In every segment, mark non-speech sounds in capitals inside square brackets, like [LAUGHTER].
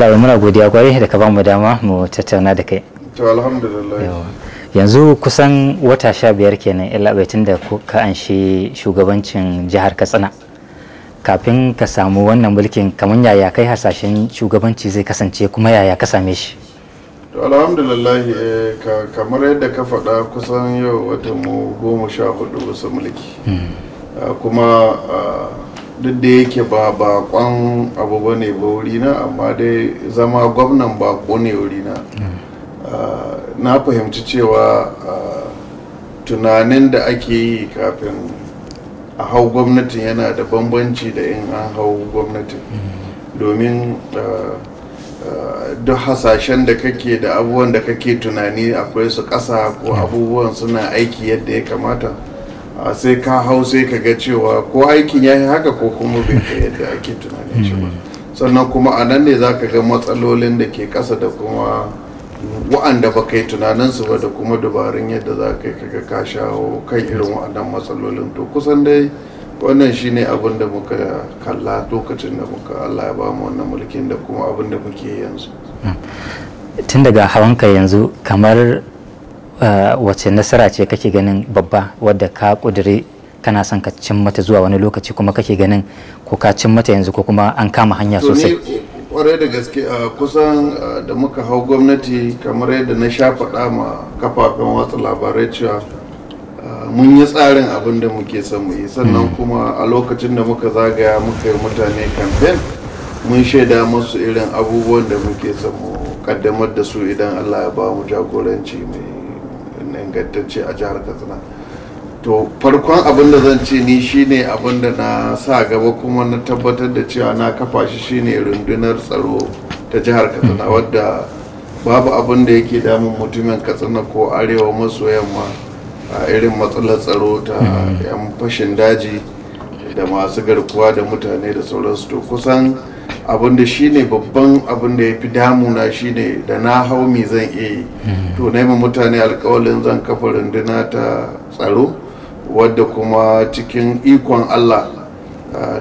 yalla muna godiya kwarai da ka bamu dama mu tattauna da kai to alhamdulillah yanzu kusan wata sha biyar kenan yalla bai tunda ka anshi shugabancin jihar Katsina kafin ka samu wannan mulkin kamar yaya kai hasashen shugabanci zai kasance kuma yaya ka same shi to alhamdulillah eh, kamar yadda ka faɗa kusan yau wata mu goma sha hudu wasu mulki hmm. ah, kuma ah, duk da yake ba bakon abu ba ne ba wuri na amma dai zama gwamnan bako ne wuri na ah, na fahimci cewa ah, tunanin da ake yi kafin a hau gwamnatin yana da bambanci da in an hau gwamnatin domin ah, duk hasashen da kake da abubuwan da kake tunani akwai su ƙasa ko abubuwan suna aiki yadda ya kamata a sai ka hau sai ka ga cewa ko aikin ya yi haka ko kuma bai kai yadda ake tunanin shi ba sannan kuma a nan ne za ka ga matsalolin da ke ƙasa da kuma wa'anda ba tunanin su ba da kuma dabarun yadda za ka yi ka ka shawo kan irin wa'annan matsalolin to kusan dai wannan shine abin da muka kalla lokacin da muka allah ya ba mu wannan mulkin da kuma abin da muke yanzu tun daga hawanka yanzu kamar Eh, wace nasara ce kake ganin babba wadda ka kudiri kana son ka cin mata zuwa wani lokaci kuma kake ganin ko ka cin mata yanzu ko kuma an kama hanya sosai kwarai da gaske a eh, kusan eh, da muka hau gwamnati kamar yadda na sha faɗa ma kafafen watsa labarai cewa mun yi tsarin abin da muke son mu yi sannan hmm. kuma a lokacin da muka zagaya muka yi mutane kamfen mun shaida masu irin abubuwan da muke son mu kaddamar da su idan allah ya ba mu jagoranci mai ingantacce a jihar katsina to farkon abin da zan ce ni shine abin da na sa gaba kuma na tabbatar da cewa na kafa shi shine rundunar tsaro ta jihar katsina wadda babu abin da yake damun mutumin katsina ko arewa maso yamma a irin matsalar tsaro ta mm-hmm. yan fashin daji da masu garkuwa da mutane da sauransu to kusan abinda ne babban abin da ya fi damuna shi ne da na hau me zan iya yi hmm. to na yi mutane alkawalin zan kafa runduna ta tsaro wadda kuma cikin ikon allah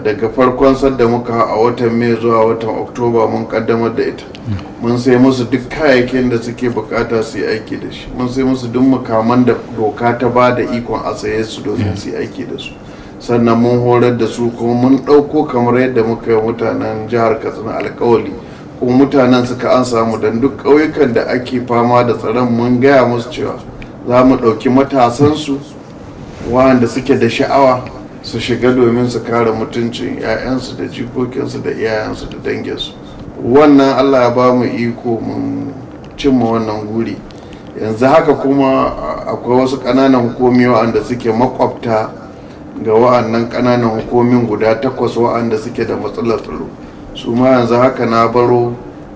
daga farkon sadda muka a watan mai zuwa watan oktoba mun kaddamar da ita hmm. mun sai musu duk kayayyakin da suke bukata su yi aiki da shi mun sai musu duk mukaman da doka ta ba da ikon a saye su domin hmm. su yi aiki da su sannan mun horar da su kuma mun ɗauko kamar yadda muka yi mutanen jihar katsina alkawali kuma mutanen suka an samu don duk ƙauyukan da ake fama da tsaron mun gaya musu cewa za mu ɗauki matasansu waɗanda suke da sha'awa su shiga domin su kare mutuncin 'ya'yansu da jikokinsu da iyayensu da danginsu wannan allah ya ba mu iko mun cimma wannan guri yanzu haka kuma akwai wasu ƙananan hukumi wanda suke makwabta ga wa'annan kananan hukumin guda takwas wa'anda suke da matsalar tsaro su ma yanzu haka na baro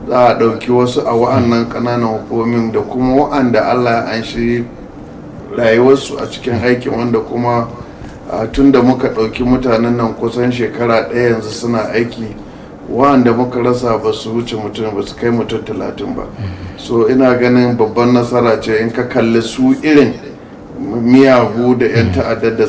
za a ɗauki wasu a wa'annan kananan hukumin da kuma wa'anda allah ya anshi rayuwarsu a cikin aikin wanda kuma tun da muka ɗauki mutanen nan kusan shekara ɗaya yanzu suna aiki wa'anda muka rasa ba su wuce mutum ba su kai mutum talatin ba so ina ganin babban nasara ce in ka kalli su irin miyagu da 'yan ta'addar da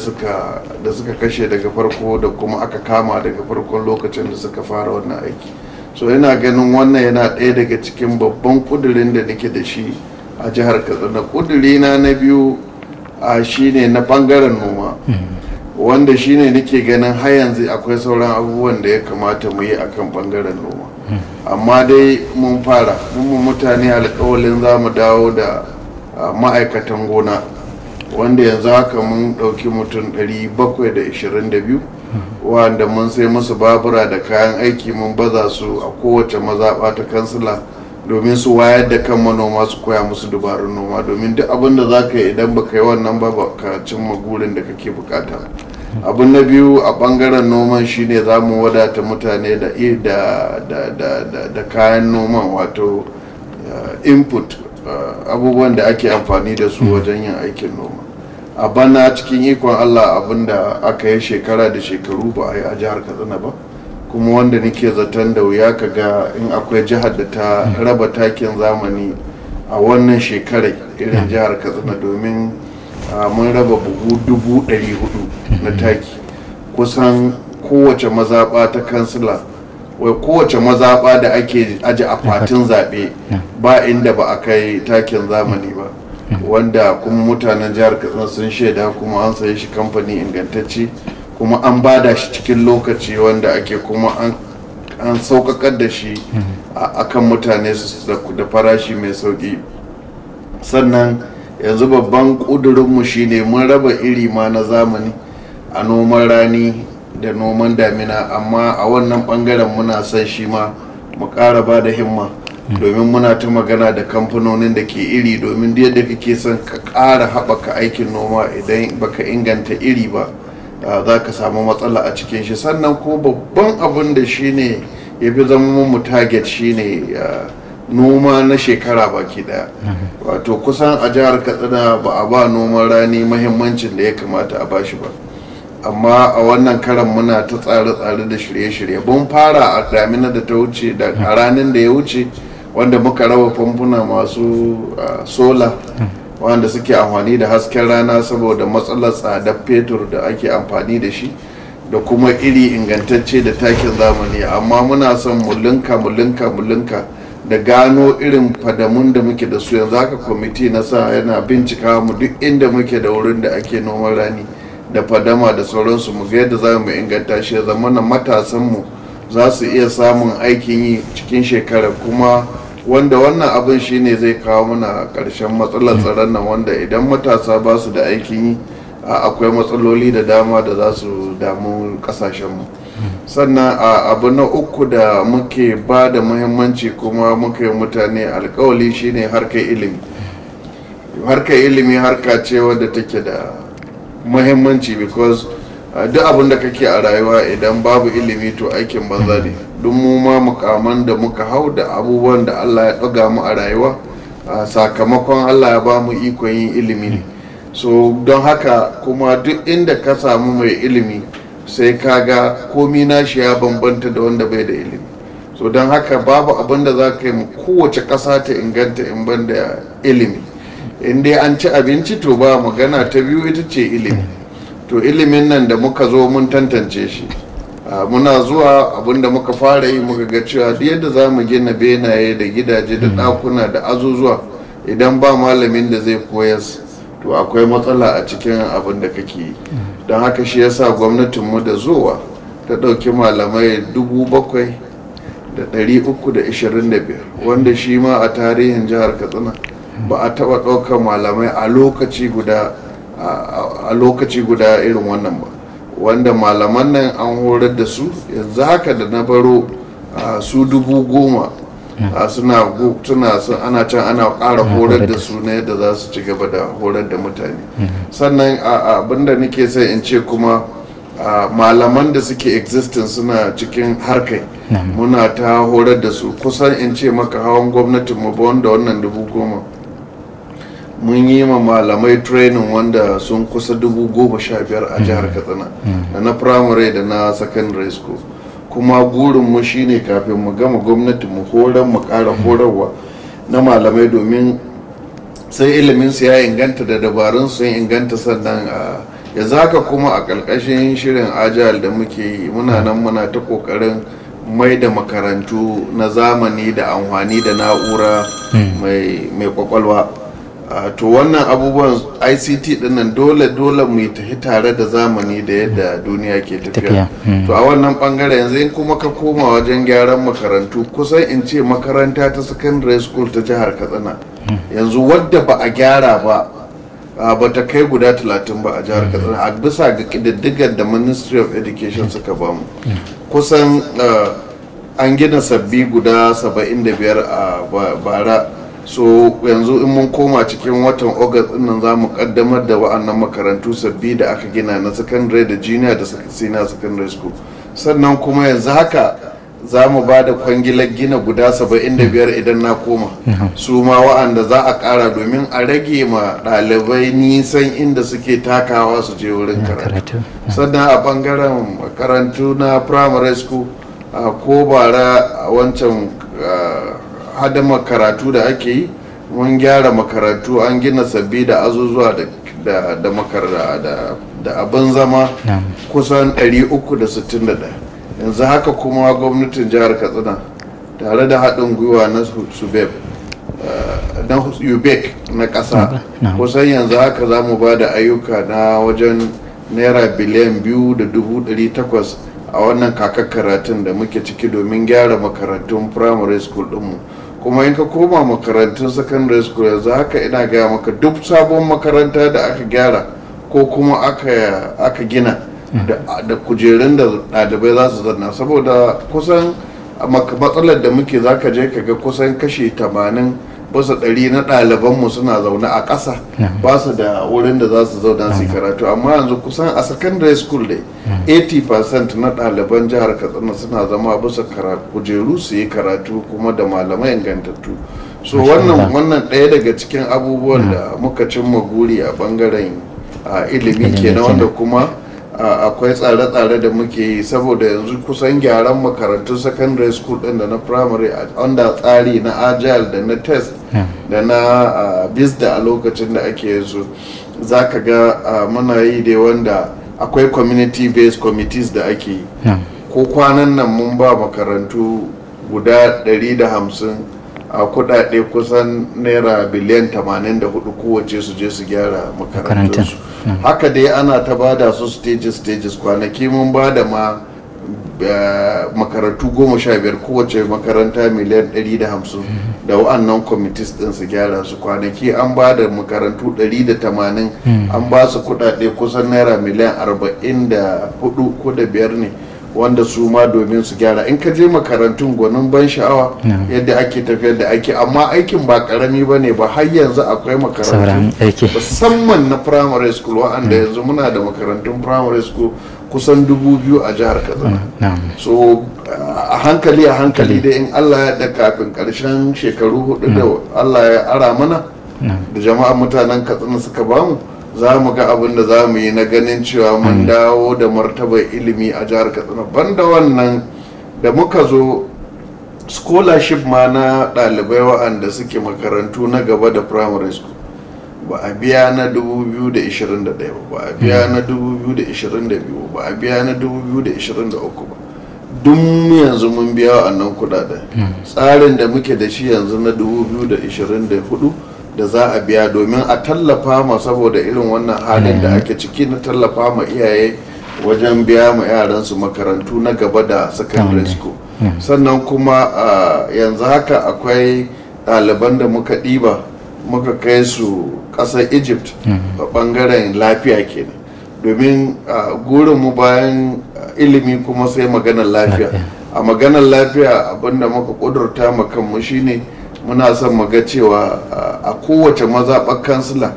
suka kashe daga farko da kuma aka kama daga farkon lokacin da suka fara wannan aiki so yana ganin wannan yana ɗaya daga cikin babban kudirin da nake da shi a jihar katsina kudirina na biyu a shine na bangaren noma wanda shine nake ganin har yanzu akwai sauran abubuwan da ya kamata mu yi a kan bangaren noma amma dai mun fara mun mutane alƙawalin za mu dawo da ma'aikatan gona wanda yanzu haka mun ɗauki mutum 722 wanda mun sai musu babura da kayan aiki mun baza su a kowace mazaɓa ta kansila domin su wayar da kan manoma su koya musu dubarun noma domin duk abin da za ka yi idan ba ka yi wannan ba ba ka cimma gurin da kake bukata abu na biyu a bangaren noman shine za mu wadata mutane da da kayan noman wato eh, input eh, abubuwan da ake amfani da su wajen yin aikin noma a bana cikin ikon allah abinda aka yi shekara da shekaru ba a yi a jihar katsina ba kuma wanda nake zaton da wuya ka ga in akwai jihar da ta raba takin zamani a wannan shekarai irin hmm. jihar katsina domin mun raba buhu dubu ɗari hudu na hmm. taki kusan kowace mazaɓa ta kansila wai kowace mazaɓa da ake aji a fatin zaɓe ba inda ba a kai takin zamani ba wanda kuma mutanen jihar katsina sun shaida kuma an sayi shi kamfani ingantacce kuma an bada shi cikin lokaci wanda ake kuma an saukakar da shi a akan mutane su da farashi mai sauki sannan yanzu babban ƙudurinmu shine mun raba iri ma na zamani a noman rani da noman damina amma a wannan bangaren muna son shi ma mu ƙara ba da himma domin muna ta magana da kamfanonin da ke iri domin da yadda kake son ka kara haɓaka aikin noma idan baka inganta iri ba za ka samu matsala a cikin shi sannan ko babban abin da shi ne ya fi zama mu target ne noma na shekara baki daya wato kusan a jihar katsina ba a ba noman rani mahimmancin da ya kamata a bashi ba amma a wannan karan muna ta tsare-tsare da shirye-shirye mun fara a damina da ta wuce da ranar da ya wuce wanda muka raba famfuna masu sola wanda suke amfani da hasken rana saboda matsalar tsadar fetur da ake amfani da shi da kuma iri ingantacce da takin zamani amma muna son mulinka mulinka-mulinka da gano irin fadamun da muke da su yanzu haka kwamiti na sa yana bincika mu duk inda muke da wurin da ake noman rani da fadama da sauransu mu ga yadda za mu inganta shi ya zama matasan mu. za su iya samun aikin yi cikin shekara kuma wanda wannan abin shine zai kawo mana karshen matsalar tsaron nan wanda idan matasa ba su da aikin yi akwai matsaloli da dama da za su damu mu. sannan abu na uku da muke ba da muhimmanci kuma muke mutane alkawali shine harkar ilimi harkar ilimi harka ce wadda take da muhimmanci because duk abin da kake a rayuwa idan babu ilimi to aikin banza ne duk mu ma mukaman da muka hau da abubuwan da allah ya ɗaga mu a rayuwa sakamakon allah ya ba mu ikon yin ilimi ne so don haka kuma duk inda ka samu mai ilimi sai ka ga komi nashi ya bambanta da wanda bai da ilimi so don haka babu abin da za ka yi mu kowace ƙasa ta inganta in ban ilimi in dai an ci abinci to ba magana ta biyu ita ce ilimi to ilimin nan da muka zo mun tantance shi muna zuwa abinda muka fara yi muka ga cewa duk yadda za mu gina benaye da gidaje da hmm. ɗakuna da azuzuwa idan ba malamin da zai koyas to akwai matsala a cikin abin da kake yi hmm. don haka shi yasa gwamnatinmu da zuwa ta ɗauki malamai dubu bakwai da ɗari uku da ishirin da biyar wanda shi ma a tarihin jihar katsina ba a taɓa ɗaukar malamai a lokaci guda a lokaci guda irin wannan ba wanda malaman nan an horar da su yanzu haka da na baro su dubu goma suna tuna ana can ana ƙara horar da su ne da za su ci gaba da horar da mutane mhm. sannan abinda nake sai in ce kuma malaman da suke existing suna cikin harkai muna ta horar da su kusan in ce maka hawan gwamnatin mu ba wanda wannan dubu goma mun yi ma malamai training wanda sun kusa dubu goma sha biyar a jihar mm-hmm. katsina mm-hmm. da na primary da na secondary school kuma gurinmu shine kafin mu gama gwamnati mu horar mu kara mm-hmm. horarwa na malamai domin sai iliminsu ya inganta da dabarun sun inganta sannan a ya zaka kuma a ƙarƙashin shirin ajal da muke yi muna nan muna ta ƙoƙarin mai da makarantu na zamani da amfani da na'ura mai ƙwaƙwalwa. Ah, to wannan abubuwan ict dinnan dole dole mu tafi tare da zamani da yadda duniya ke tafiya hmm. to a wannan bangare yanzu in kuma ka koma wajen gyaran makarantu kusan in ce makaranta ta secondary school ta jihar katsina hmm. yanzu wadda ba a gyara ba ah, ba ta kai guda talatin ba a jihar hmm. katsina a bisa ga ƙididdigar da ministry of education suka ba mu kusan ah, an gina sabbi guda 75 a bara so yanzu in mun koma cikin watan august nan za mu kaddamar da wa'annan makarantu sabbi da aka gina na secondary da junior da senior secondary school sannan kuma yanzu haka za mu ba da kwangilar gina guda 75 idan na koma su ma wa'anda za a kara domin a rage ma ɗalibai nisan inda suke takawa su je wurin karatu sannan a bangaren makarantu na primary school ko bara a wancan hadama karatu da ake yi mun gyara makarantu an gina sabbi da azuzuwa da da makarda da da abin zama kusan 361 yanzu haka kuma gwamnatin jihar katsina tare da haɗin gwiwa na subeb eh, na ubek na ƙasa kusan yanzu haka za mu ba ayyuka na wajen naira biliyan biyu da dubu ɗari takwas a wannan kakar karatun da muke ciki domin gyara makarantun primary school ɗinmu kuma in ka koma makarantun secondary school yanzu haka ina gaya maka duk sabon makaranta da aka gyara ko kuma aka gina da kujerun da ɗalibai za su zanna saboda kusan matsalar da muke za ka je ka ga kusan kashi 80 basa ɗari na ɗalibanmu suna zaune a ƙasa ba su da wurin da za su zauna su karatu amma yanzu kusan a secondary school dai 80% na ɗaliban jihar katsina suna zama bisa kujeru su yi karatu kuma da malamai ingantattu so wannan ɗaya daga cikin abubuwan da muka cimma guri a bangaren ilimi kenan wanda kuma akwai tsare-tsare da muke yi saboda yanzu kusan gyaran makarantun secondary school din da na primary under tsari na agile da na test da na bisda a lokacin da ake yanzu za ka ga muna yi da wanda akwai community based committees da ake yi ko kwanan nan mun ba makarantu guda 150 a kudade kusan naira biliyan 84 kowace su je su gyara makarantar hmm. haka dai ana ta bada su stages stages kwanaki mun bada ma eh, makarantu goma sha biyar kowace makaranta miliyan 150 da wa'annan committees din su gyara su kwanaki an ba da makarantu 180 hmm. an ba su kudade kusan naira miliyan 44 ko da biyar ne wanda su ma domin su gyara in ka je makarantun gwanin ban sha'awa yadda ake tafiyar da ake amma aikin ba karami ba ne ba har yanzu akwai makarantu musamman na primary school wa'anda mm. yanzu muna da makarantun primary school kusan dubu biyu a jihar katsina so a hankali a hankali da in allah ya da kafin karshen shekaru hudu da allah ya ara mana da jama'a mutanen katsina suka bamu za mu ga abin da za mu yi na ganin cewa mun hmm. dawo da martabar ilimi a jihar katsina banda wannan da muka zo scholarship ma na ɗalibai wa'anda suke makarantu na gaba da primary school ba a biya na 2021 hmm. ba ba a biya na 2022 ba a biya na 2023 ba dun yanzu mun biya wa'annan kudaden hmm. tsarin da muke da shi yanzu na 2024 da za a biya domin a tallafa ma saboda irin wannan halin da ake ciki na tallafa ma iyaye wajen biya ma yaransu makarantu na gaba da secondary school hmm. sannan kuma yanzu haka akwai ɗaliban da muka ɗiba muka kai su ƙasar egypt hmm. a ɓangaren lafiya kenan domin mu bayan ilimi kuma sai maganar lafiya a maganar lafiya abinda muka ƙudurta kanmu shine muna son mu ga cewa a kowace mazaɓar kansila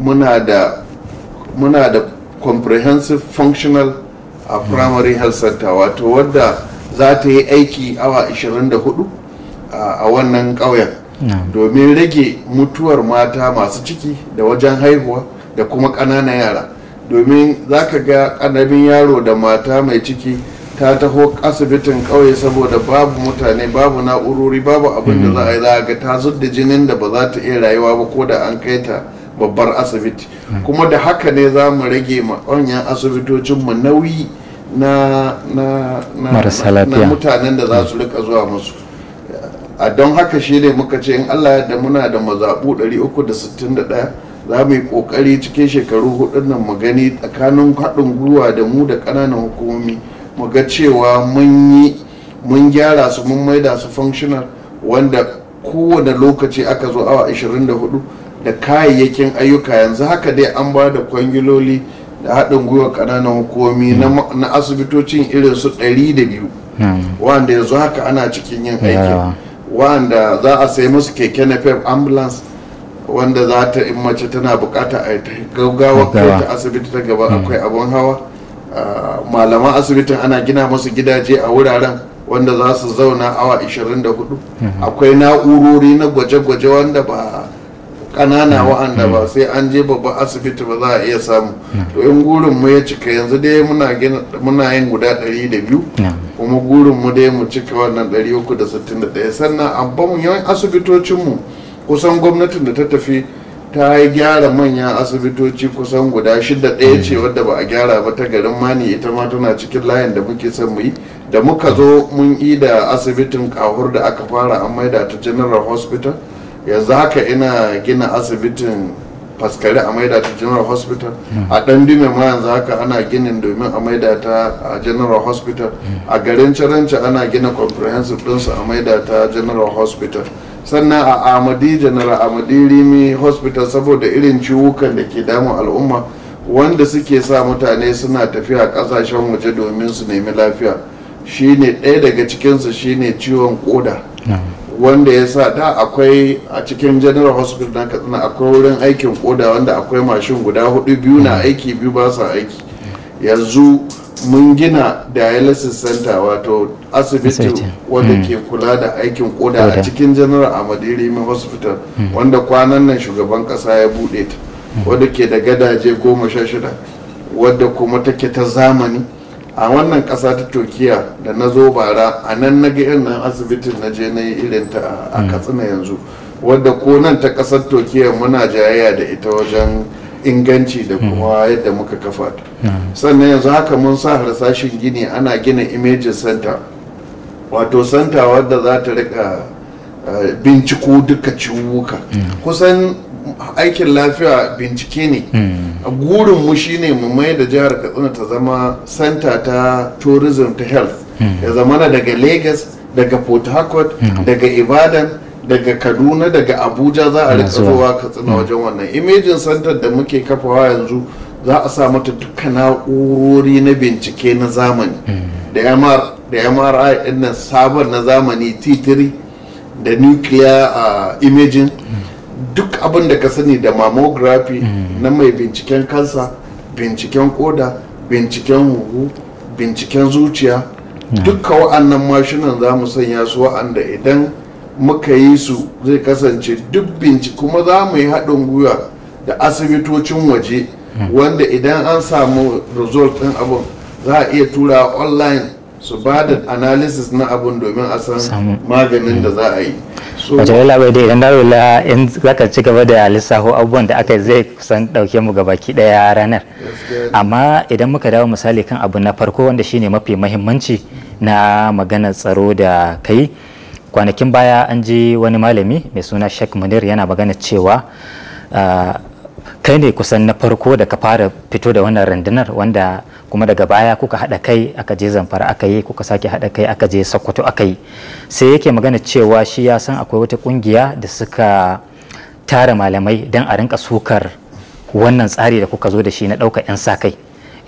muna da comprehensive functional a hmm. primary health center wato wadda za ta yi aiki awa 24 a wannan ƙauyen hmm. domin rage mutuwar mata masu ciki da wajen haihuwa da kuma ƙananan yara domin za ka ga ƙanabin yaro da mata mai ciki ta taho asibitin kauye saboda babu mutane babu na'urori babu abin da za a yi za ga ta da jinin da ba za ta iya rayuwa ba ko da an kai ta babbar asibiti kuma da haka ne za mu rage manyan asibitocinmu nauyi na mutanen da za su mm. rika zuwa musu a don haka shi ne muka ce in allah yadda muna da mazaɓu 361 za mu yi ƙoƙari cikin shekaru hudun nan mu gani tsakanin haɗin gwiwa da mu da ƙananan hukumomi mu ga cewa mun yi mun gyara su mun maida su functional wanda kowane lokaci aka zo awa 24 da kayayyakin ayyuka yanzu haka dai an ba da kwangiloli da haɗin gwiwa ƙananan hukumomi na asibitocin irin su 102 hmm. wanda yanzu haka ana cikin yin aiki wanda za a sai musu keke na ambulance wanda za ta in tana bukata a ta gaggawa kai ta asibiti ta gaba akwai abin hawa Ah, malaman asibitin ana gina masu gidaje a wuraren wanda za su zauna awa 24 mhm. akwai na'urori na gwaje-gwaje wanda ba kanana mhm. wa'anda ba mhm. sai an je babban asibiti ba za a iya samu to in gurin ya cika yanzu dai muna yin guda 200 kuma gurin dai mu cika wannan 361 sannan abban yawan asibitocin mu kusan gwamnatin da ta tafi ta gyara manyan asibitoci kusan guda shida ɗaya ce mm-hmm. wadda ba a gyara ba ta garin mani ita ma tana cikin layin da muke son mu yi da muka zo mun yi da asibitin kahur da aka fara an maida ta general hospital yanzu haka ina gina asibitin faskari a maida ta general hospital a dan dume ma yanzu haka ana ginin domin a maida ta a general hospital a garin ciranci ana gina comprehensive ɗinsu a maida ta general hospital sannan a amadi general amadi rimi hospital saboda irin ciwukan da ke damun al'umma wanda suke sa mutane suna tafiya ƙasashen waje domin su nemi lafiya shine ɗaya daga cikinsu shine ciwon koda wanda ya sa da akwai a cikin general hospital na katsina akwai wurin aikin koda wanda akwai mashin guda hudu biyu na aiki biyu ba sa aiki yanzu mun gina dialysis center wato asibiti wanda hmm. ke kula da aikin koda a cikin general amadu rimi hospital hmm. wanda kwanan nan shugaban kasa ya bude ta hmm. wadda ke da gadaje goma sha shida wadda kuma take ta zamani a wannan ƙasa ta turkiya da na zo bara a nan na ga irin nan asibitin na je na yi irin ta a hmm. katsina yanzu wadda ko nan ta ƙasar turkiya muna jayayya da ita wajen inganci da hmm. kuma yadda muka kafa ta hmm. sannan yanzu haka mun sa harsashin gini ana gina image center wato center wadda za ta rika eh, binciko duka ciwuka kusan aikin lafiya bincike ne hmm. gurin mu shine mu mai da jihar katsina ta zama santa ta tourism ta health hmm. ya zama daga lagos daga port harcourt hmm. daga ibadan daga kaduna daga abuja za a rika zuwa katsina wajen wannan imaging center da muke kafawa yanzu za a sa mata dukkan na'urori na bincike na zamani da mri ɗin sabon na zamani t3 da nuclear uh, imaging duk abin da ka sani da mammography mm. na mai binciken kansa binciken koda binciken huhu binciken zuciya dukka wa'annan mashinan za mu sanya su wa'anda idan muka yi su zai kasance duk bincike kuma za mu yi haɗin gwiwa da asibitocin waje mm. wanda idan an samu result ɗin abin za a iya tura online su ba da analysis na abun domin a san maganin da za a yi wato yalla bai dai idan babu la in zaka ci gaba da lissafo abubuwan da aka zai kusan dauke mu ki daya ranar amma idan muka dawo misali kan abu na farko wanda shine mafi mahimmanci na maganar tsaro da kai kwanakin baya an ji wani malami mai suna shek Munir yana magana cewa ah, kai ne kusan na farko da ka fara fito da wannan rundunar wanda kuma daga baya kuka haɗa kai aka je zamfara aka yi kuka sake haɗa kai aka je sokoto aka yi sai yake magana cewa shi ya san akwai wata ƙungiya da suka tara malamai don a rinka sukar wannan tsari da kuka zo da shi na ɗaukar 'yan sa kai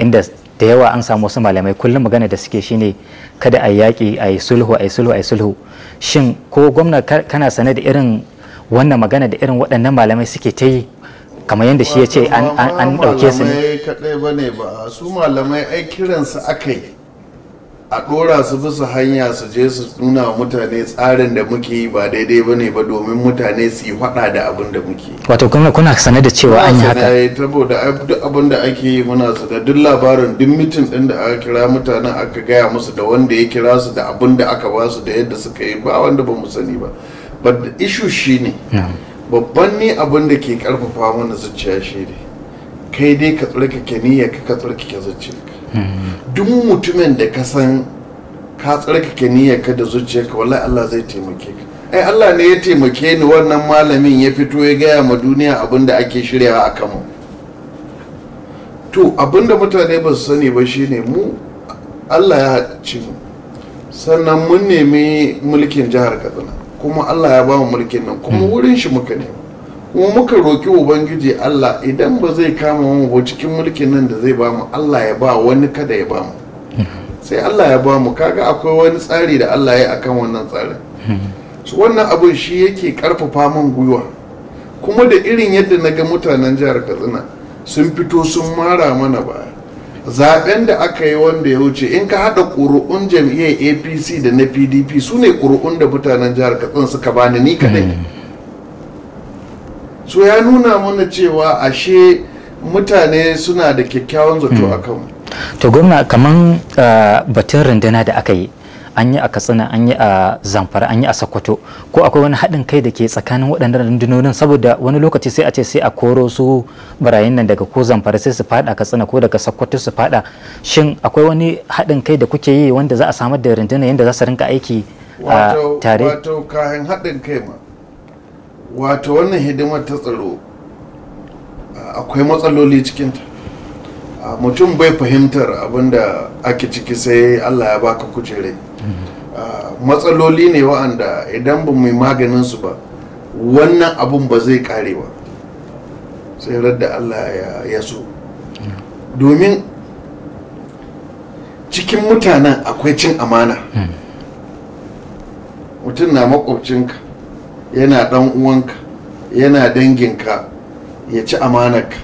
inda da yawa an samu wasu malamai kullum magana da suke shine kada a yaƙi a yi sulhu a yi sulhu a yi sulhu shin ko gwamna kana sane da irin wannan magana da irin waɗannan malamai suke ta yi kamar yadda shi ya ce an ɗauke su ne kaɗai ba ne ba su malamai ai kiransu aka yi a ɗora su bisa hanya su je su nuna wa mutane tsarin da muke yi ba daidai ba ne ba domin mutane su yi faɗa da abin da muke wato kuma kuna sane da cewa an yi haka saboda duk abin da ake yi muna su da duk labarin duk mitin ɗin da aka kira mutanen aka gaya musu da wanda ya kira su da abin da aka ba su da yadda suka yi ba wanda ba mu sani ba but the issue shine babban ne abin da ke karfafa mana zuciya shi ne kai dai ka tsarkake niyya ka ka tsarkake zuciyarka hmm. duk mutumin da ka san ka tsarkake niyya ka da zuciyarka wallahi Allah zai taimake ka ai Allah ne ya taimake ni wannan malamin ya fito ya gaya ma duniya abin da ake shiryawa a kanmu to abin da mutane ba su sani ba shine mu Allah ya halicci mu sannan mun nemi mulkin jihar Katsina kuma Allah ya bamu mulkin nan kuma hmm. wurin shi muka ne kuma muka roki ubangiji Allah idan ba zai kama mu ba cikin mulkin nan da zai bamu Allah ya ba wani kada ya bamu hmm. sai Allah ya bamu kaga akwai wani tsari da Allah ya akan wannan tsari hmm. su wannan abin shi yake karfafa min gwiwa kuma da irin yadda na ga mutanen jihar Katsina sun fito sun mara mana baya zaben da aka yi wanda ya wuce in ka haɗa kuru'un jam'iyyar apc da na pdp su ne kuru'un da mutanen jihar katsin suka bani ni kaɗai hmm. so ya nuna mana cewa ashe mutane suna da kyakkyawan zato hmm. a kanmu to gwamna kaman ah, batun runduna da aka yi an yi a katsina an yi a zamfara an yi a sokoto ko akwai wani haɗin kai da ke tsakanin waɗannan rundunonin saboda wani lokaci sai a ce sai a koro su barayin nan daga ko zamfara sai su faɗa katsina ko daga sokoto su faɗa shin akwai wani haɗin kai da kuke yi wanda za a samar da runduna yadda za su rinka aiki a tare wato kayan haɗin kai ma wato wannan hidimar ta tsaro akwai matsaloli cikinta mutum bai fahimtar abin da ake ciki sai allah ya baka kujerai Ah, matsaloli ne wa'anda idan ba mu maganin su ba wannan abun ba zai kare ba sai da allah ya so domin cikin mutanen akwai cin amana mutum na makwabcinka yana dan uwanka yana danginka ya ci amanarka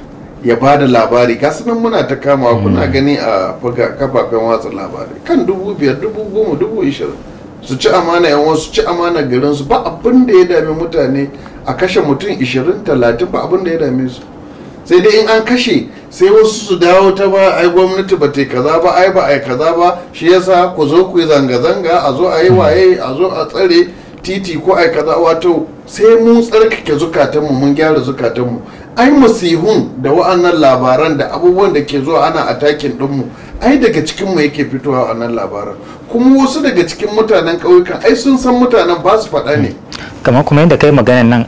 ya ba da labari gasu nan muna ta kama hmm. kuna gani a kafafen watsa labarai kan dubu biyar dubu goma dubu ishirin su ci amana yan wasu ci amana garin su ba abin da ya dame mutane a kashe mutum ishirin talatin ba abin da ya dame su sai dai in an kashe sai wasu su dawo ta ba ai gwamnati ba ta kaza ba ai ba ai kaza ba shi yasa ku zo ku yi zanga-zanga a zo a yi hmm. waye a zo a tsare titi ko ai kaza wato sai mun tsarkake zukatanmu mun gyara zukatanmu ai masihun da wa'annan labaran da abubuwan da ke zuwa ana atakin dinmu ai daga cikinmu yake fitowa nan labaran kuma wasu daga cikin mutanen ƙauyukan ai sun san mutanen ba su faɗa ne kamar kuma yadda kai maganan nan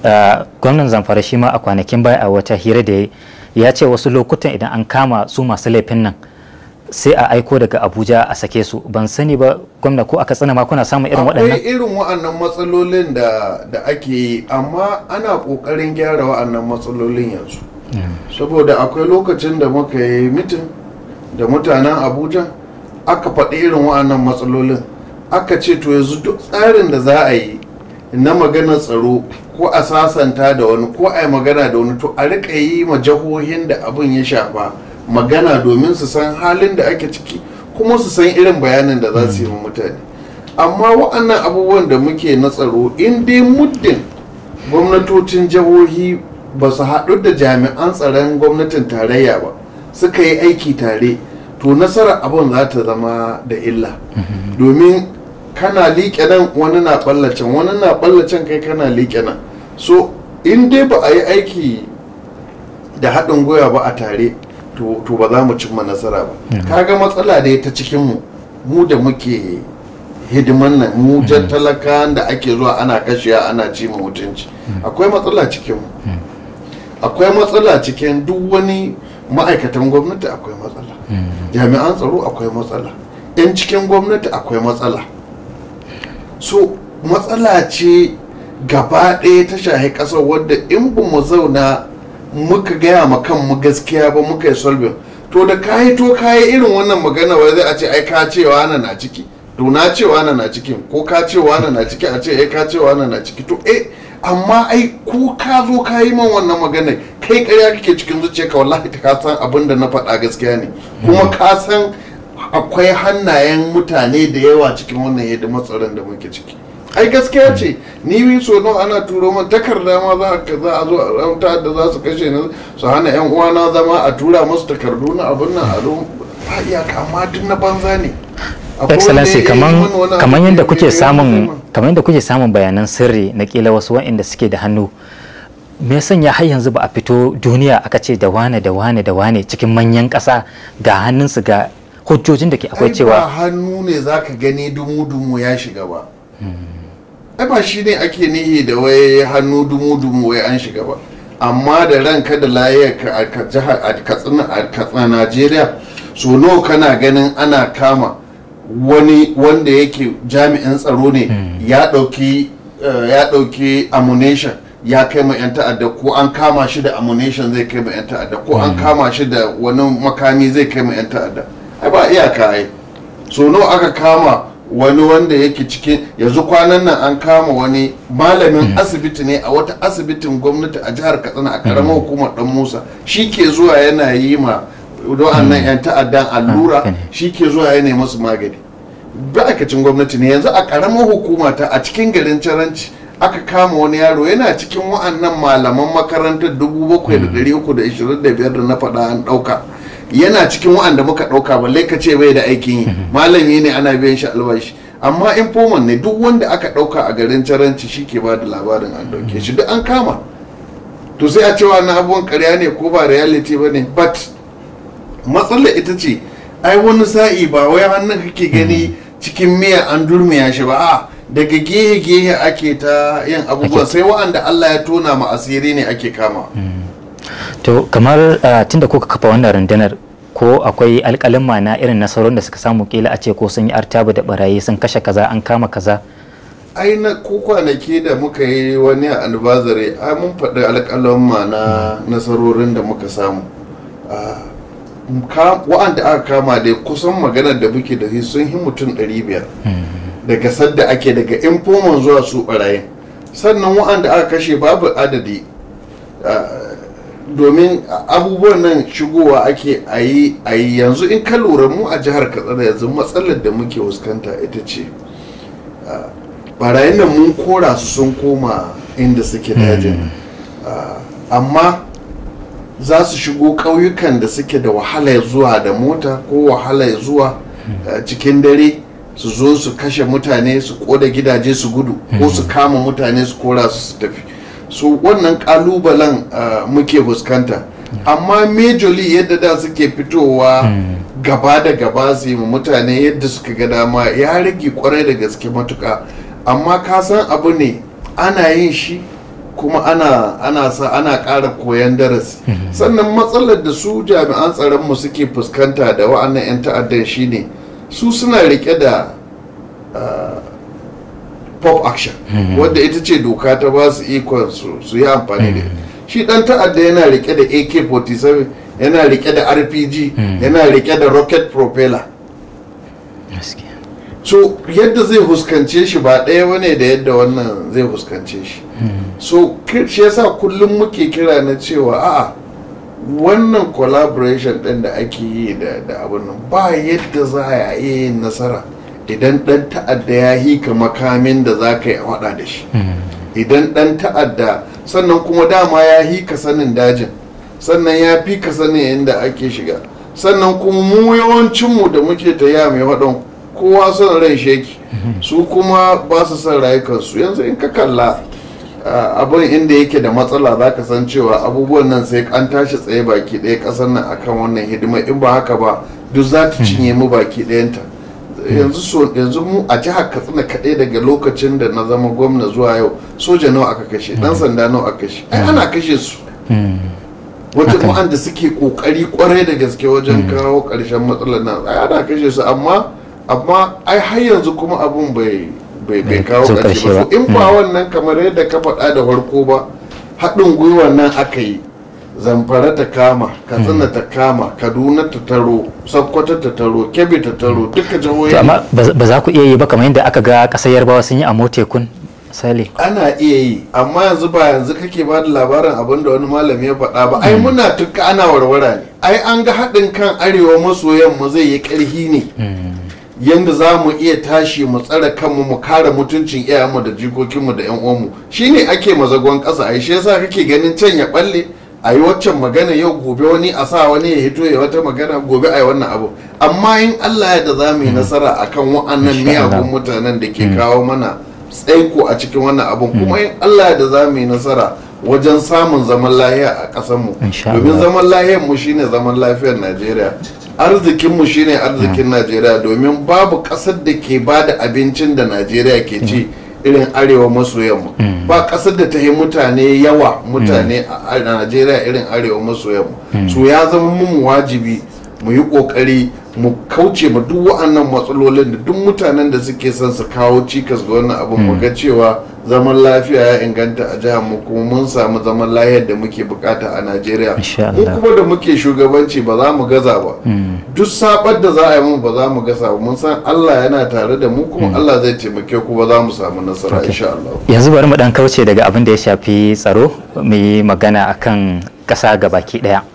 gwamnan zamfara shi ma a kwanakin baya a wata hira da ya ce wasu lokutan idan an kama su masu laifin nan sai a aiko daga abuja a sake su ban sani ba gwamna ko aka tsana ma kuna samun irin waɗannan akwai irin waɗannan matsalolin da ake yi amma ana kokarin gyara waɗannan matsalolin yanzu hmm. saboda akwai lokacin da muka yi mitin da mutanen abuja aka faɗi irin waɗannan matsalolin aka ce to yanzu duk tsarin da za a yi na maganar tsaro ko a sasanta da wani ko a yi magana da wani to a riƙa yi ma jihohin da abin ya shafa magana domin su san halin da ake ciki kuma su san irin bayanin da za su yi mutane amma wa'annan abubuwan da muke na tsaro in dai muddin gwamnatocin jihohi ba su haɗu da jami'an tsaron gwamnatin tarayya ba suka yi aiki tare to nasarar abin za ta zama da illa mm-hmm. domin kana liƙe nan wani na ɓallacen wani na ɓallacen kai kana liƙe nan so in dai ba a yi aiki da haɗin gwiwa ba a tare to ba za mu cimma nasara ba kaga matsala da ta cikin mu mu da muke hidiman nan mu mm-hmm. jan talaka da ake zuwa ana kashiya ana ci mutunci mm. akwai matsala cikin mu mm. akwai matsala cikin duk wani ma'aikatan gwamnati akwai matsala mm-hmm. jami'an tsaro akwai matsala 'yan cikin gwamnati akwai matsala so matsala ce gaba ɗaya ta shahi ƙasar wadda in ba mu zauna muka gaya ma kan mu gaskiya ba muka yi solving to da kayi to kayi irin wannan magana wai zai a ce ai ka cewa na na ciki to na cewa na na ciki ko ka cewa na na ciki a ce ai eh ka cewa na na ciki to eh amma ai ko ka zo ka yi man wannan magana kai ƙarya kake cikin zuciyarka wallahi ka san abin da na faɗa gaskiya ne kuma hmm. ka san akwai hannayen mutane da yawa cikin wannan yadda matsalar da muke ciki ai gaskiya ce ni so nawa ana turo man takarda ma za a zo a rauta da za su kashe ni su hana yan uwana zama a tura musu takardu na abin nan a ba iyaka amma duk na banza ne excellency kaman kaman yadda kuke samun kaman yadda kuke samun bayanan sirri na kila wasu wa'anda suke da hannu me ya sanya har yanzu ba a fito duniya aka ce da wane da wane da wane cikin manyan kasa ga hannunsu ga hujjojin da ke akwai cewa ba hannu ne zaka gani dumu dumu ya shiga ba hmm. ai ba shi ne ake nihi da wai hannu dumu-dumu wai an shiga ba amma da ranka da layarka a jihar a katsina najeriya so nawa kana ganin ana kama wani wanda yake jami'in tsaro ne hmm. ya ɗauki eh, ya ammunition ya kai ma 'yan ta'adda ko an kama shi da ammunition zai kai ma 'yan ta'adda ko an hmm. kama shi da wani makami zai kai ma 'yan ta'adda ai ba iyaka ai so nawa aka kama wani wanda yake cikin yanzu kwanan nan an kama wani malamin mm. asibiti ne a wata asibitin gwamnati a jihar katsina a karamar mm. hukumar dan musa shi ke zuwa yana yi ma wa'annan mm. 'yan ta'addan ah, allura shi ke zuwa yana masu magani ba'akacin gwamnati ne yanzu a karamar hukuma ta a cikin garin caranci aka kama wani yaro yana cikin wa'annan malaman makarantar 7,325 da na faɗa an ɗauka yana cikin wa'anda muka ɗauka balle ka ce bai da aikin yi [LAUGHS] malami ne ana biyan shi albashi amma informant ne duk wanda aka ɗauka a garin caranci shi ke ba da labarin an ɗauke shi duk an kama to sai a cewa na abubuwan karya ne ko ba reality ba ne but matsalar ita ce ai wani sa'i ba wai hannun kake gani mm-hmm. cikin miya an durmiya shi ba a daga gehe-gehe ake ta yin abubuwa sai wa'anda allah ya tona ma asiri ne ake kama mm. to kamar tunda kuka kafa wannan rundunar ko akwai alƙalin na irin nasarorin da suka samu kila a ce ko sun yi artabu da barayi sun kashe kaza an kama kaza ai na kwanaki da muka yi wani albazare ai mun faɗi alƙalin na nasarorin da muka samu wa'anda aka kama dai kusan maganar da muke da sun yi mutum 500 hmm. daga sadda ake daga infoman zuwa su barayin sannan wa'anda aka kashe babu adadi domin abubuwan nan shigowa ake ayi ayi yanzu in ka lura mu a jihar katsina yanzu matsalar da muke fuskanta ita ce barayin nan mun kora su sun koma inda suke hmm. dajin amma za su shigo ƙauyukan da suke da wahala zuwa da mota ko wahala zuwa hmm. cikin dare su zo su kashe mutane su koda gidaje su gudu ko su hmm. kama mutane su kora su su tafi so wannan kalubalen uh, muke fuskanta amma majorly yadda da suke fitowa hmm. gaba da gaba su yi mutane yadda suka ga dama ya rage kwarai da gaske matuka amma ka san abu ne ana yin shi kuma ana sa ana kara koyan darasi hmm. sannan matsalar da su jami'an tsaron mu suke fuskanta da wa'annan 'yan ta'addan shine su suna rike da uh, pop action wadda ita ce doka ta ba su ikon su yi amfani da shi dan ta'adda yana rike da ak-47 yana rike da rpg yana rike da rocket propeller so yadda zai huskance shi ba ɗaya wane da yadda wannan zai huskance shi so shi yasa kullum muke kira na cewa a'a wannan collaboration ɗin da ake yi da abin ba yadda za a yi nasara idan dan ta'adda ya hika makamin da za ka yi wada da shi hmm. idan dan ta'adda sannan kuma dama ya ka sanin dajin sannan ya fi ka sanin inda ake shiga sannan kuma mu yawancinmu da muke ta ya mai wadon kowa son ran sheki hmm. su kuma ba su son rayukansu yanzu in ka kalla abin inda yake da matsala za ka san cewa abubuwan nan sai an tashi tsaye baki ɗaya ƙasar nan akan wannan hidima in ba haka ba duk za ta hmm. cinye mu baki ɗayanta yanzu mu a jihar katsina kaɗai daga lokacin da na zama gwamna zuwa yau soja nawa aka kashe dan sanda nawa aka kashe ai ana kashe su hmm. wajen waɗanda suke ƙoƙari ƙwarai da gaske wajen hmm. kawo ƙarshen matsalar nan ai ana kashe su amma amma ai har yanzu kuma abun bai bai hmm, kawo ƙarshe ba in ba wannan kamar yadda ka faɗa da farko ba haɗin gwiwa nan aka yi zamfara ta kama katsina hmm. ta kama kaduna ta taro sakkwata ta taro kebbi ta taro hmm. duka jihohi amma ba za ku iya yi ba kamar yadda aka ga kasar yarbawa sun yi a motekun sale ana iya yi amma yanzu ba yanzu kake ba da labarin abin da wani malami ya faɗa ba ai hmm. muna tuka ana warwara ne ai an ga haɗin kan arewa maso yamma zai yi ƙarfi ne yadda za mu iya tashi mu tsare kanmu mu kare mutuncin iyayenmu da jikokinmu da yan uwanmu shine ake mazagon ƙasa ai shi yasa kake ganin can ya balle a yi waccan magana yau gobe wani a sa wani ya hito ya wata magana gobe a yi wannan abu amma in allah ya da za mu yi hmm. nasara a kan wa'annan miyagun mutanen da ke hmm. kawo mana tsaiko a cikin wannan abun kuma hmm. in allah ya da za mu yi nasara wajen samun zaman lahiya a kasanmu domin zaman lahiyar mu shine zaman lafiyar najeriya arzikin mu shine arzikin najeriya domin babu ƙasar da ke bada abincin da najeriya ke ci irin arewa maso yamma mm. ba kasar da ta yi mutane yawa mutane mm. a najeriya irin arewa maso yamma mm. su ya zama mun wajibi mu yi kokari mu kauce ma duk wa'annan matsalolin da duk mutanen da suke son su kawo cikas ga wannan abin mu ga cewa zaman lafiya ya inganta a jihar mu kuma mun samu zaman lafiyar da muke bukata a Najeriya mu kuma da muke shugabanci ba za mu gaza ba hmm. duk sabar da za a yi mu ba za mu gaza ba mun san Allah yana tare da mu kuma hmm. Allah zai taimake ku ba za mu samu nasara insha Allah yanzu bari mu dan kauce daga abin da ya shafi tsaro mu yi magana akan kasa gabaki daya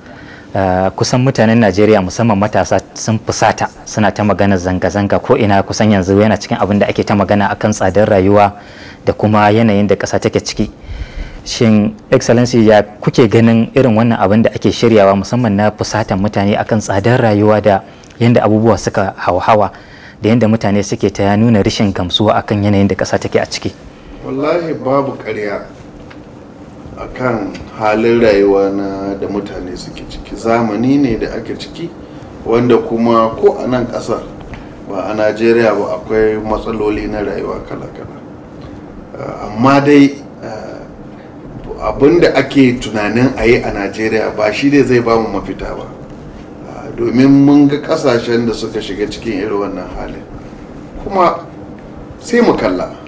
Eh, kusan mutanen najeriya musamman matasa sun fusata suna ta magana zanga-zanga ko ina kusan yanzu yana cikin abin da ake ta magana akan tsadar rayuwa da kuma yanayin da ƙasa take ciki shin excellency ya kuke ganin irin wannan abin da ake shiryawa musamman na fusatan mutane akan tsadar rayuwa da yanda abubuwa suka hauhawa da yanda mutane suke ta nuna rishin gamsuwa akan yanayin da ƙasa take a ciki wallahi babu ƙarya akan halin rayuwa na da mutane suke ciki zamani ne da ake ciki wanda kuma ko a nan ƙasar ba a najeriya ba akwai matsaloli na rayuwa kala-kala eh, amma dai eh, abin da ake tunanin a yi a najeriya ba shi ne zai bamu mafita ba eh, domin mun ga kasashen da suka shiga cikin irin wannan halin kuma sai mu kalla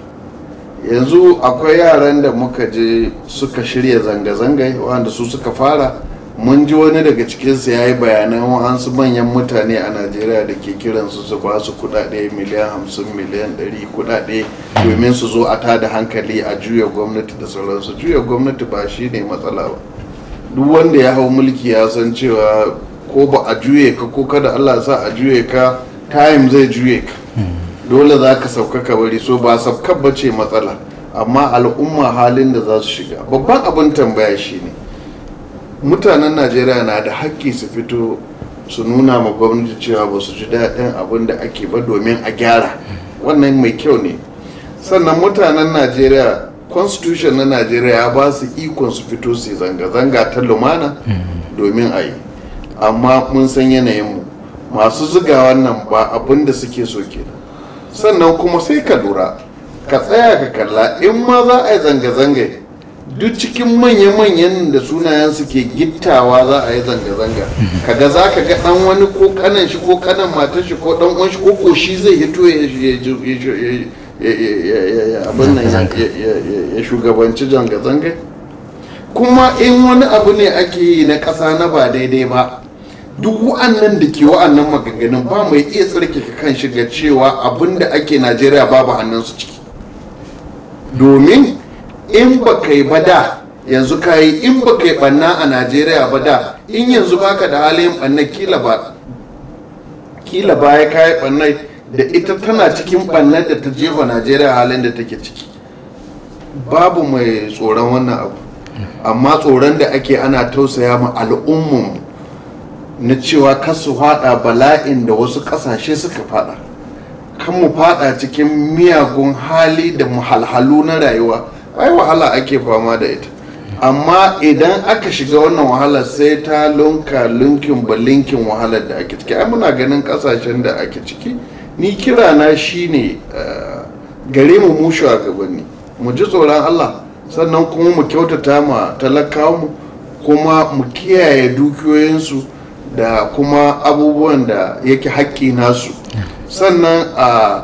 yanzu akwai yaran da muka je suka shirya zanga zangai wanda su suka fara mun ji wani daga cikinsu ya yi bayanan hansu manyan mutane a najeriya da ke kiran su su basu kudade miliyan hamsin miliyan ɗari kudade domin su zo a tada hankali a juya gwamnati da sauransu juya gwamnati ba shi ne matsala ba duk wanda ya hau mulki ya san cewa ko ba a juye ka ko kada allah sa a juye ka time zai juye ka hmm. dole za ka sauka ka bari so ba saukar ba ce matsala amma al'umma halin da za su shiga babban abin tambaya shine mutanen najeriya na da haƙƙi su fito su nuna ma gwamnati cewa ba su ji daɗin abin da ake ba domin a gyara wannan mai kyau ne sannan mutanen najeriya constitution na najeriya ya ba su ikon su fito su zanga-zanga ta lumana domin a yi amma mun san yanayinmu masu zuga wannan ba abin da suke so kenan sannan kuma sai ka lura ka tsaya ka kalla in ma za a yi zanga-zanga duk cikin manya-manyan da sunayen ke gittawa za a yi zanga-zanga ga za ka ga dan wani ko kanan shi ko kanan matar shi ko dan uwan shi ko shi zai hito ya shugabanci zanga-zanga kuma in wani abu ne ake yi na ƙasa na ba daidai ba duk wa'annan da ke wa'annan maganganun ba mai iya ka kan shiga cewa abin da ake najeriya babu hannunsu ciki domin in ba kai ba da yanzu ka yi in ba yi banna a najeriya ba da in yanzu ka da halin banna kila ba kila baya ka yi banna da ita tana cikin banna da ta jefa najeriya halin da take ciki babu mai tsoron wannan abu amma tsoron da ake ana tausaya ma al'ummanmu na cewa kasu fada bala'in da wasu kasashe suka fada kan mu fada cikin miyagun hali da muhalhalu na rayuwa ai wahala ake fama da ita amma idan aka shiga wannan wahala sai ta lunka lunkin balinkin wahala da ake ciki ai muna ganin kasashen da ake ciki ni kira na shine eh, gare mu a shugabanni mu ji tsoron Allah sannan kuma mu kyautata ma talakawa mu kuma mu kiyaye dukiyoyinsu da kuma abubuwan da yake haƙƙi nasu sannan a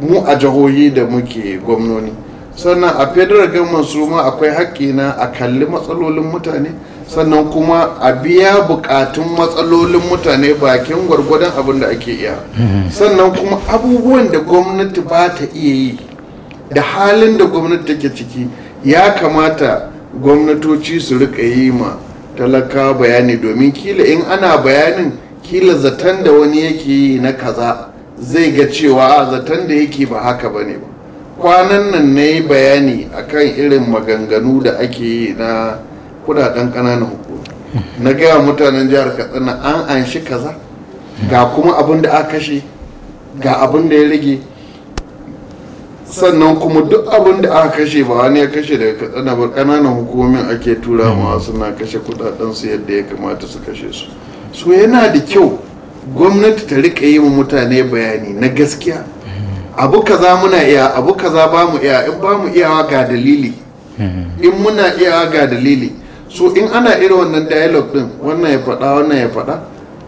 mu a jihohi da muke gwamnoni sannan a federal government su ma akwai haƙƙi na a kalli matsalolin mutane sannan kuma a biya bukatun matsalolin mutane bakin gwargwadon abin da ake iya sannan kuma abubuwan da gwamnati ba ta iya yi da halin da gwamnati take ciki ya kamata gwamnatoci su rika yi ma talaka bayani domin kila in ana bayanin kila zaton da wani yake yi na kaza zai ga cewa a zaton da yake ba haka ba ne ba kwanan nan na yi bayani akan irin maganganu da ake yi na kudaden ƙananan hukumi na gaya mutanen jihar katsina an anshi kaza ga kuma abin da aka kashe ga abin da ya rage sannan kuma duk abin da aka kashe ba wani ya kashe daga katsina ba kananan hukumomin ake tura ma suna kashe kudaden su yadda ya kamata su kashe su so yana da kyau gwamnati ta rika yi mutane bayani na gaskiya abu kaza muna iya abu kaza ba mu iya in ba mu iyawa ga dalili in muna iyawa ga dalili so in ana irin wannan dialog din wannan ya faɗa wannan ya faɗa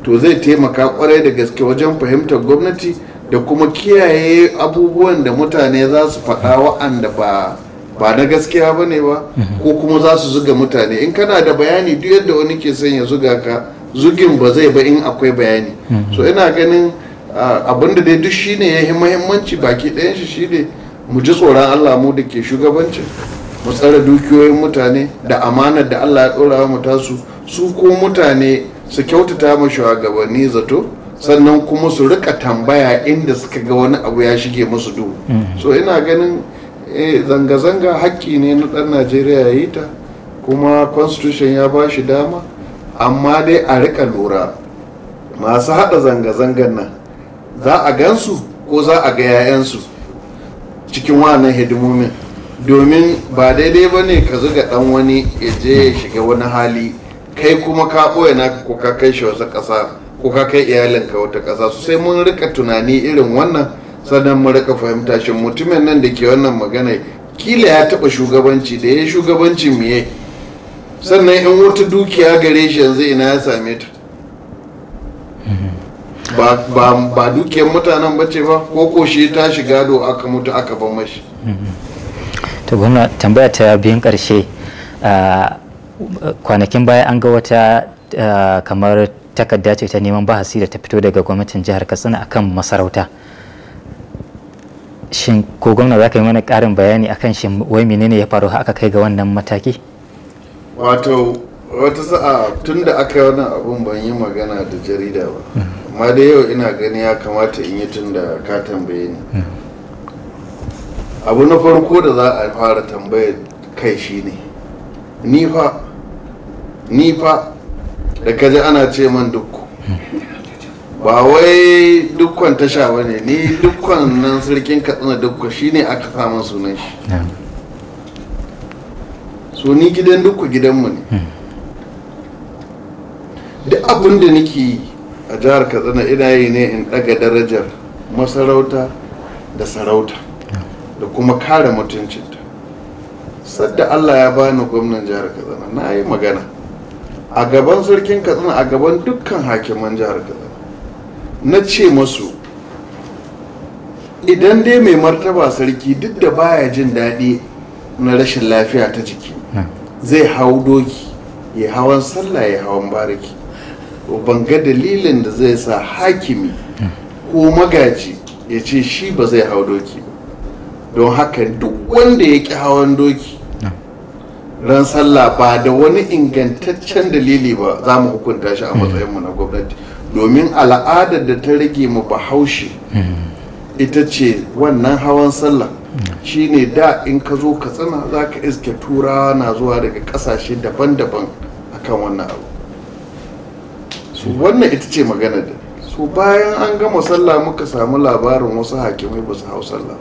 to zai taimaka kwarai da gaske wajen fahimtar gwamnati da kuma kiyaye abubuwan da mutane za su faɗa wa'anda ba ba na gaskiya ba ne ba ko kuma za su zuga mutane in kana da bayani duk yadda wani ke son ya zuga ka zugin ba zai ba in akwai bayani so ina ganin da dai duk shine ya yi muhimmanci baki ɗayan shi shine mu ji tsoron allah mu da ke shugabancin mu tsara dukiyoyin mutane da amanar da allah ya ɗora mu tasu su ko mutane su kyautata ma shugabanni zato sannan kuma su rika tambaya inda suka ga wani abu ya shige musu duhu mm-hmm. so ina ganin eh, zanga-zanga haƙƙi ne na ɗan najeriya ya yi ta kuma constitution ya ba shi dama amma dai a rika lura masu haɗa zanga-zangan nan za a gansu ko za a ga 'ya'yansu cikin wannan hidimomin domin ba daidai ba ne ka zuga ɗan wani ya je ya shiga wani hali kai kuma ka ɓoye naka ko ka kai shi wasu ƙasa ko ka kai iyalinka wata ƙasa su mun rika tunani irin wannan sannan mun rika fahimta shi mutumin nan da ke wannan magana kila ya taɓa shugabanci da ya shugabanci miye sannan in wata dukiya gare shi yanzu ina ya same ta ba dukiyar mutanen bace ba ko ko shi ta shiga do aka mutu aka ban mashi to gwamna tambaya ta biyun karshe kwanakin baya an ga wata kamar takarda ce ta neman bahasi da ta fito daga gwamnatin jihar katsina akan masarauta shin ko gwamna za ka yi mana karin bayani akan shin wai menene ya faru aka kai ga wannan mataki wato wata sa'a tun da aka yi wannan abun ban yi magana da jarida ba hmm. amma da yau ina gani ya kamata in yi tun da ka tambaye ni hmm. abu na farko da za a fara tambayar kai shine ni fa ni fa da kaji ana ce man dukku ba wai dukkan tasha ba ne ni dukkan nan sarkin katsina dukku shine aka samun sunan shi so ni gidan dukku gidanmu ne hmm. duk abin da nake yi a jihar katsina ina yi ne in ɗaga darajar masarauta da sarauta da kuma kare mutuncinta sadda allah ya bani gwamnan jihar katsina na yi magana a gaban sarkin katsina a gaban dukkan hakiman jihar katsina na ce masu idan dai mai martaba sarki duk da baya jin daɗi na rashin lafiya ta jiki zai hau doki ya hawan sallah ya hawan bariki ban ga dalilin da zai sa hakimi ko magaji ya ce shi ba zai hau doki ba don haka duk wanda ya ƙi hawan doki ran sallah ba da wani ingantaccen dalili ba za mu hukunta shi a hmm. matsayinmu na gwamnati domin al'adar da ta rage mu bahaushe hmm. ita ce wannan hawan sallah hmm. shine da in ka zo ka tsana za ka iske turawa na zuwa daga kasashe daban-daban akan wannan abu wannan ita ce magana da su bayan an gama sallah muka samu labarin wasu hakimai ba su hau sallah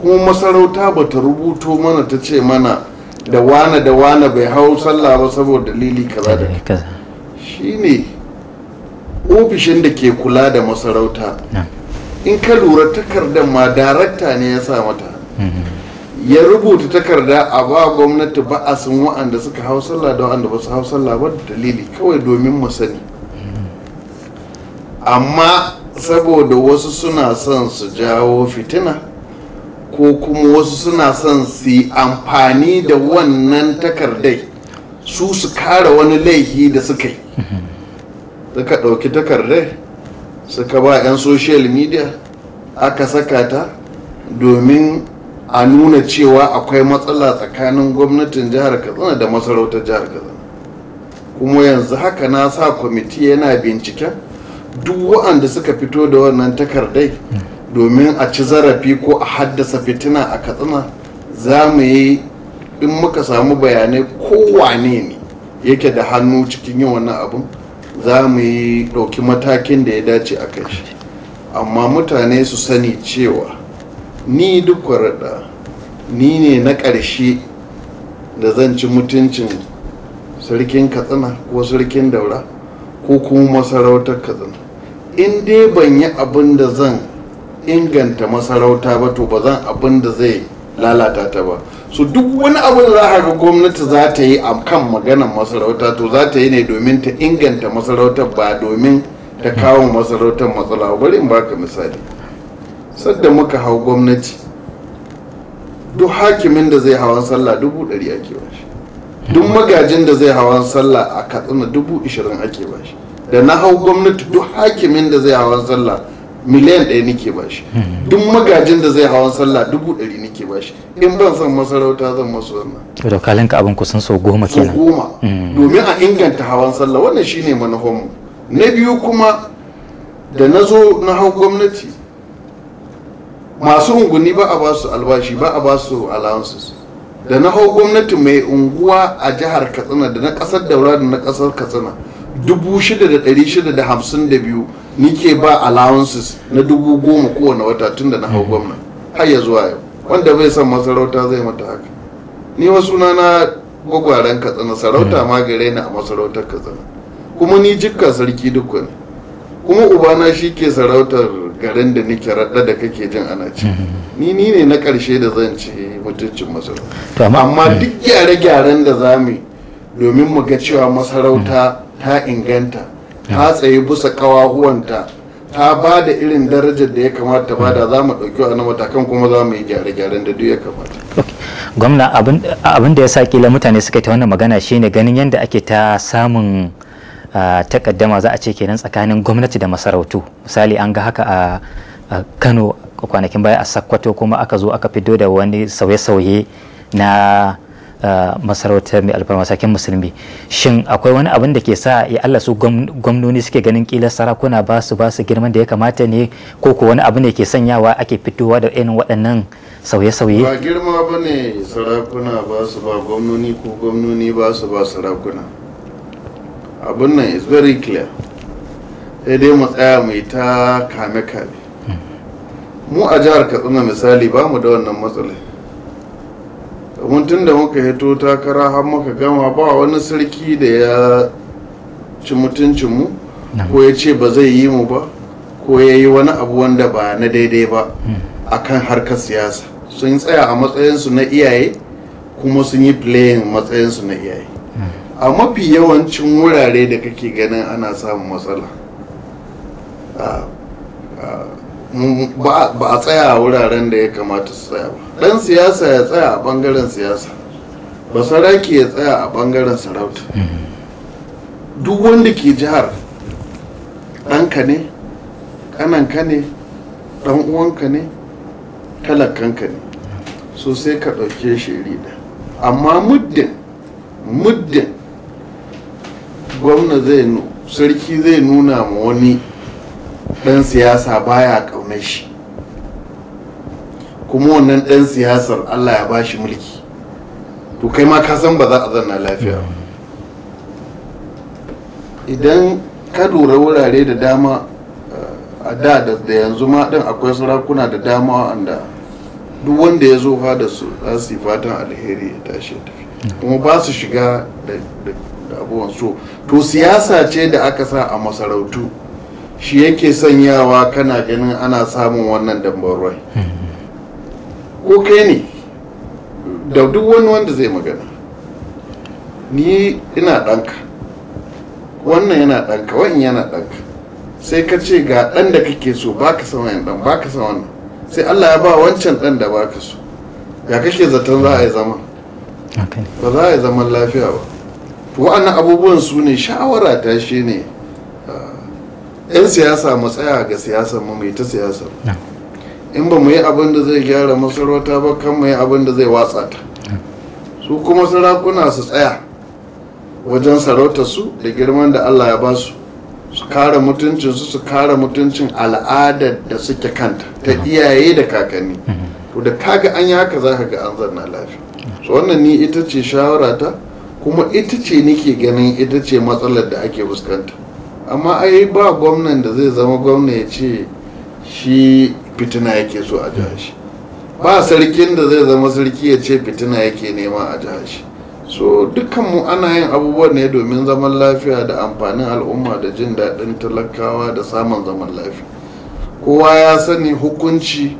kuma masarauta ba ta rubuto mana ta ce mana da wane da wane bai hau sallah ba saboda dalili kaza da kaza shine ofishin da ke kula da masarauta in ka lura takardar ma darakta ne ya sa mata mm-hmm. ya rubuta takarda a ba gwamnati ba a sun wa'anda suka hau sallah da wa'anda ba su hau sallah ba da dalili kawai domin mu sani mm-hmm. amma saboda wasu suna son su jawo fitina ko kuma wasu suna son su yi amfani da wannan takardai su su kare wani laifi da suka yi suka ɗauki takardai suka ba 'yan social media aka saka ta domin a nuna cewa akwai matsala tsakanin gwamnatin jihar katsina da masarautar jihar katsina kuma yanzu haka na sa kwamiti yana binciken duk waɗanda suka fito da wannan takardai domin a ci zarafi ko a haddasa fitina a katsina za mu yi in muka samu bayanai kowane ne yake da hannu cikin yin wannan abin za mu yi ɗauki matakin da ya dace a kai shi amma mutane su sani cewa ni duk kwarada ni ne na ƙarshe da zan ci mutuncin sarkin katsina ko sarkin daura ko kuma masarautar katsina in dai ban yi abin da zan inganta masarauta ba to ba zan abin da zai lalata ta ba su duk wani abu da za a ga gwamnati za ta yi a kan maganan masarauta to za ta yi ne domin ta inganta masarauta ba domin ta kawo masarautar matsala bari in baka misali sadda muka hau gwamnati duk hakimin da zai hawan sallah dubu ɗari ake bashi duk magajin da zai hawan sallah a katsina dubu ishirin ake bashi da na hau gwamnati duk hakimin da zai hawan sallah miliyan ɗaya nake shi. duk magajin da zai hawan sallah dubu ɗari nake shi. in ban san masarauta zan masu wannan da kalin ka abin kusan sau goma kenan sau goma mm. domin a inganta hawan sallah wannan shine manufanmu na biyu kuma da na zo na hau gwamnati masu unguni ba a basu albashi ba a basu allowances da na hau gwamnati mai unguwa a jihar katsina da na kasar daura da na kasar katsina dubu shida da ɗari shida da hamsin da biyu nike ba allowances na dubu goma kowane wata tun da na hau mhm. gwamna har ya zuwa yau wanda bai san masarauta zai mata haka ni wasu na na gwagwaren katsina sarauta mhm. ma gare ni a masarautar katsina kuma ni jikka sarki duk ne kuma ubana shi ke sarautar garin da nike raɗa da kake jin ana ci mhm. ni ni ne na ƙarshe da zan ci mutuncin masarauta amma mm. duk gyare-gyaren da za domin mu ga cewa masarauta ta inganta ta tsaye bisa kawahuwanta ta ba da irin darajar da ya kamata ba da za mu ɗauki wani matakan kuma za mu yi gyare-gyaren da duk ya kamata gwamna abin da ya sa kila mutane suka ta wannan magana shine ganin yadda ake ta samun takaddama za a ce kenan tsakanin gwamnati da masarautu misali an ga haka a kano kwanakin baya a sakkwato kuma aka zo aka fito da wani sauye-sauye na masarautar mai alfarma sakin musulmi shin akwai wani abin da ke sa ya Allah su gwamnoni suke ganin kila sarakuna ba su ba su girman da ya kamata ne ko ko wani abu ne ke sanyawa ake fitowa da irin waɗannan sauye-sauye ba girma ba ne sarakuna ba su ba gwamnoni ko gwamnoni ba su ba sarakuna abin nan is very clear sai dai mu tsaya mai ta kame-kame hmm. mu a jihar katsina misali ba mu da wannan matsalai tun da muka hito takara har muka gama ba wani sarki da ya ci mutuncinmu ko ya ce ba zai yi mu ba ko ya yi wani abu wanda ba na daidai ba hmm. akan harkar siyasa sun tsaya a matsayinsu na iyaye kuma sun yi playing matsayinsu na iyaye hmm. a mafi yawancin wurare da kake ganin ana samun matsala ba a tsaya a wuraren da ya kamata su tsaya ba dan siyasa ya tsaya a bangaren siyasa ba saraki ya tsaya a bangaren sarauta duk wanda ke jihar ɗanka ne ƙananka ne uwanka ne talakanka ne so sai ka ɗauke shi rida amma muddin muddin gwamna zai sarki zai nuna ma wani ɗan siyasa baya ƙaunar shi kuma wannan ɗan siyasar allah ya bashi mulki to kai ma ka san ba za a zanna lafiya idan ka lura wurare da dama eh, a da da yanzu ma ɗin akwai sarakuna da dama wanda duk wanda ya zo da su za su yi fatan alheri ya tashi ya tafi kuma ba su shiga da abubuwan so to siyasa ce da aka sa a masarautu shi yake sanyawa kana ganin ana samun wannan dambarwai ko kai ne da duk wani wanda zai magana ni ina ɗanka wannan yana ɗanka wannan yana ɗanka sai ka ce ga ɗan da kake so baka san wannan ɗan baka san wannan sai Allah ya ba wancan ɗan da baka so ya kake zaton za a yi zama ba za a yi zaman lafiya ba wa'annan abubuwan su ne shawara ta shi ne 'yan siyasa mu tsaya ga siyasar mu mai ta siyasar in ba mu yi abin da zai gyara masarauta ba kan mu yi abin da zai watsa ta su kuma sarakuna su tsaya wajen sarautar su da girman da allah ya ba su su kare mutuncin su su kare mutuncin al'ada da suke kanta ta iyaye da kakanni to da kaga an yi haka za ka ga an zanna lafiya so wannan ni ita ce shawara ta kuma ita ce nake ganin ita ce matsalar da ake fuskanta amma ai ba gwamnan da zai zama gwamna ya ce shi fitina yake so a jihar shi ba sarkin da zai zama sarki ya ce fitina yake nema a jihar shi so dukkanmu ana yin abubuwan ne domin zaman lafiya da amfanin al'umma da jin daɗin talakawa da samun zaman lafiya kowa ya sani hukunci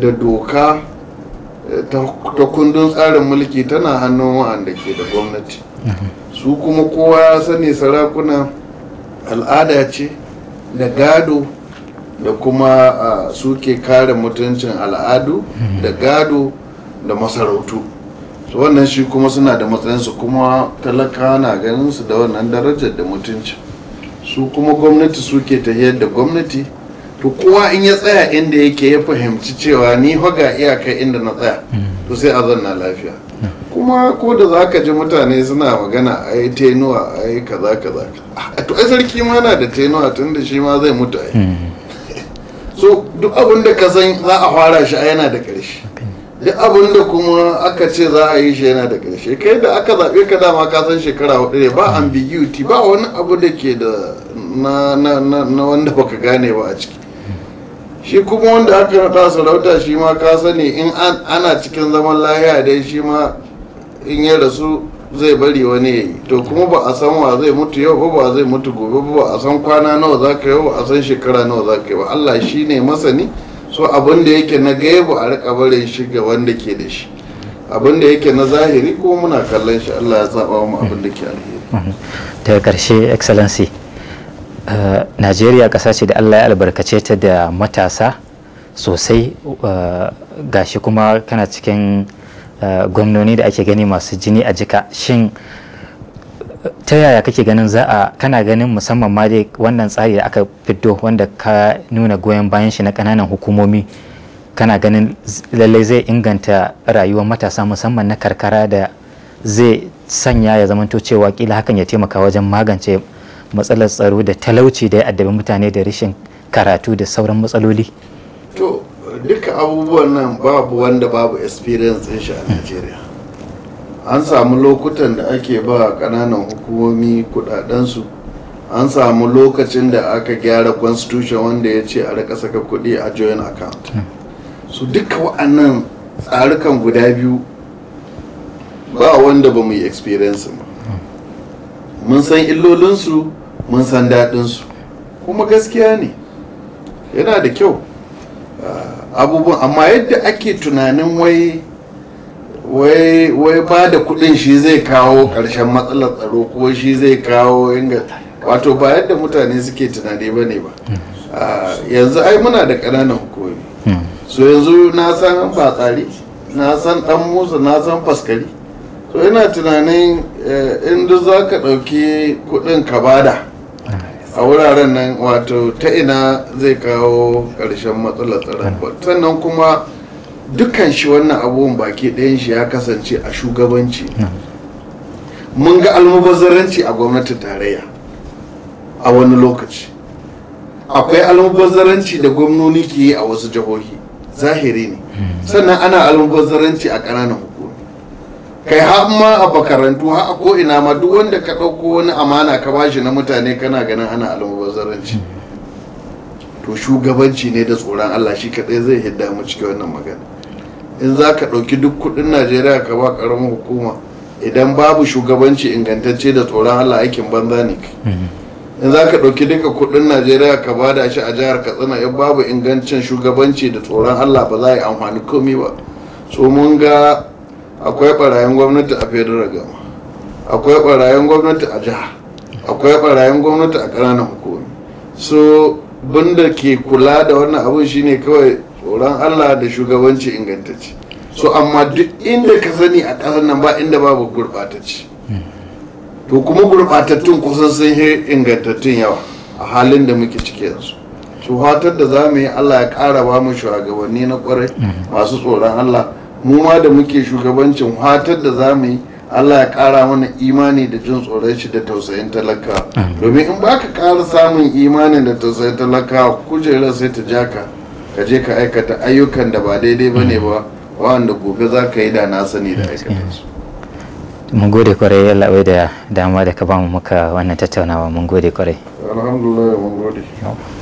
da doka eh, ta kundin tsarin mulki tana hannun wa'anda ke da gwamnati su kuma kowa ya sani sarakuna al'ada ce da gado da kuma suke kare mutuncin al'adu da gado da masarautu su wannan shi kuma suna da matsayinsu kuma talaka na ganin su da wannan darajar da mutunci su kuma gwamnati suke tahiyar da gwamnati to kowa in ya tsaya inda yake ya fahimci cewa ni ga iyaka inda na tsaya to sai a zanna lafiya kuma ko da za ka ji mutane suna magana a yi tenuwa a yi kaza kaza a to sarki ma na da tenuwa tun da shi ma zai mutu a yi hmm. so duk abin da ka san za a fara shi a yana da ƙarshe duk abin da kuma aka ce za a yi shi yana da ƙarshe kai da aka zaɓe ka dama ka san shekara hudu ne ba ambiguity ba wani abu da ke da na wanda baka gane ba a ciki shi kuma wanda aka naɗa sarauta shi ma ka sani in ana cikin zaman lahiya dai shi ma in ya rasu zai bari wani ya yi to kuma ba a san wa zai mutu yau ba zai mutu gobe ba a san kwana nawa za ka yau ba a san shekara nawa za ka yi ba allah shi ne masani so abin da yake na gaibu a rika barin shi ga wanda ke da shi abin da yake na zahiri ko muna kallon shi allah ya zaba mu abin da ke alheri daga karshe excellency eh, najeriya kasa ce da allah ya albarkace ta da matasa sosai eh, gashi kuma kana cikin Eh, gwamnoni da ake gani masu jini a jika shin ta yaya kake ganin za a kana ganin musamman ma dai wannan tsari da aka fito wanda ka nuna goyon bayan shi na kananan hukumomi kana ganin lallai zai inganta rayuwar matasa musamman na karkara da zai sanya ya zamanto cewa kila hakan ya taimaka wajen magance matsalar tsaro da talauci da ya addabi mutane da rashin karatu da sauran matsaloli to duka abubuwan nan babu wanda babu experience din shi a Najeriya an samu lokutan da ake ba kananan hukumomi kudadensu an samu lokacin da aka gyara constitution wanda ya ce a rika saka kudi a joint account su duka wa'annan tsarukan guda biyu ba wanda ba mu yi experience ba mun san illolinsu mun san daɗinsu kuma gaskiya ne yana da kyau ah, abubuwan amma yadda ake tunanin wai wai kuɗin ba da kudin shi zai kawo karshen matsalar tsaro ko shi zai kawo inga wato ba yadda mutane suke tunani ba ne ba yanzu ai muna da ƙananan hukumomi hmm. so yanzu na san ba tsari na san dan musa na san faskari so ina tunanin eh, in duk za ka ɗauki kudin ka bada a wuraren nan wato ta ina zai kawo ƙarshen matsalar tsaron sannan kuma dukkan shi wannan abubuwan baki ɗayan shi ya kasance a shugabanci hmm. mun ga almubazzaranci a gwamnatin tarayya a wani lokaci akwai almubazzaranci da gwamnoni ke yi a wasu jihohi zahiri ne hmm. sannan ana almubazzaranci a ƙananan kai har ma a bakarantu har a ko ina ma duk wanda ka ɗauko wani amana ka bashi na mutane kana ganin ana almubazzaranci to shugabanci ne da tsoron Allah shi kaɗai zai hidda mu cikin wannan magana in za ka ɗauki duk kuɗin Najeriya ka ba ƙaramin hukuma idan babu shugabanci ingantacce da tsoron Allah aikin banza ne mm-hmm. in za ka ɗauki duka kuɗin Najeriya ka ba da shi a jihar Katsina in babu ingancin shugabanci da tsoron Allah ba za a yi amfani komi ba so mun ga akwai barayin gwamnati a federal gama akwai barayin gwamnati a jiha akwai barayin gwamnati a ƙananan hukumi so bunda ke kula da wannan abin shine kawai tsoron allah da shugabanci ingantacce so amma duk inda ka sani a ƙasar nan ba inda babu gurɓatacce to kuma gurɓatattun kusan sun yi ingantattun yawa a halin da muke ciki yanzu su hatar da za mu yi allah ya ƙara ba mu shugabanni na ƙwarai mm-hmm. masu tsoron allah mu ma da muke shugabancin hatar da za mu yi Allah ya kara mana imani da jin tsoron shi da tausayin talaka domin in baka kara samun imanin da tausayin talaka kujerar sai ta jaka ka je ka aikata ayyukan da ba daidai ba ne ba wanda gobe za ka yi da na sani da aikata su mun gode kwarai Allah wai da dama da ka bamu muka wannan tattaunawa mun gode kwarai alhamdulillah mun gode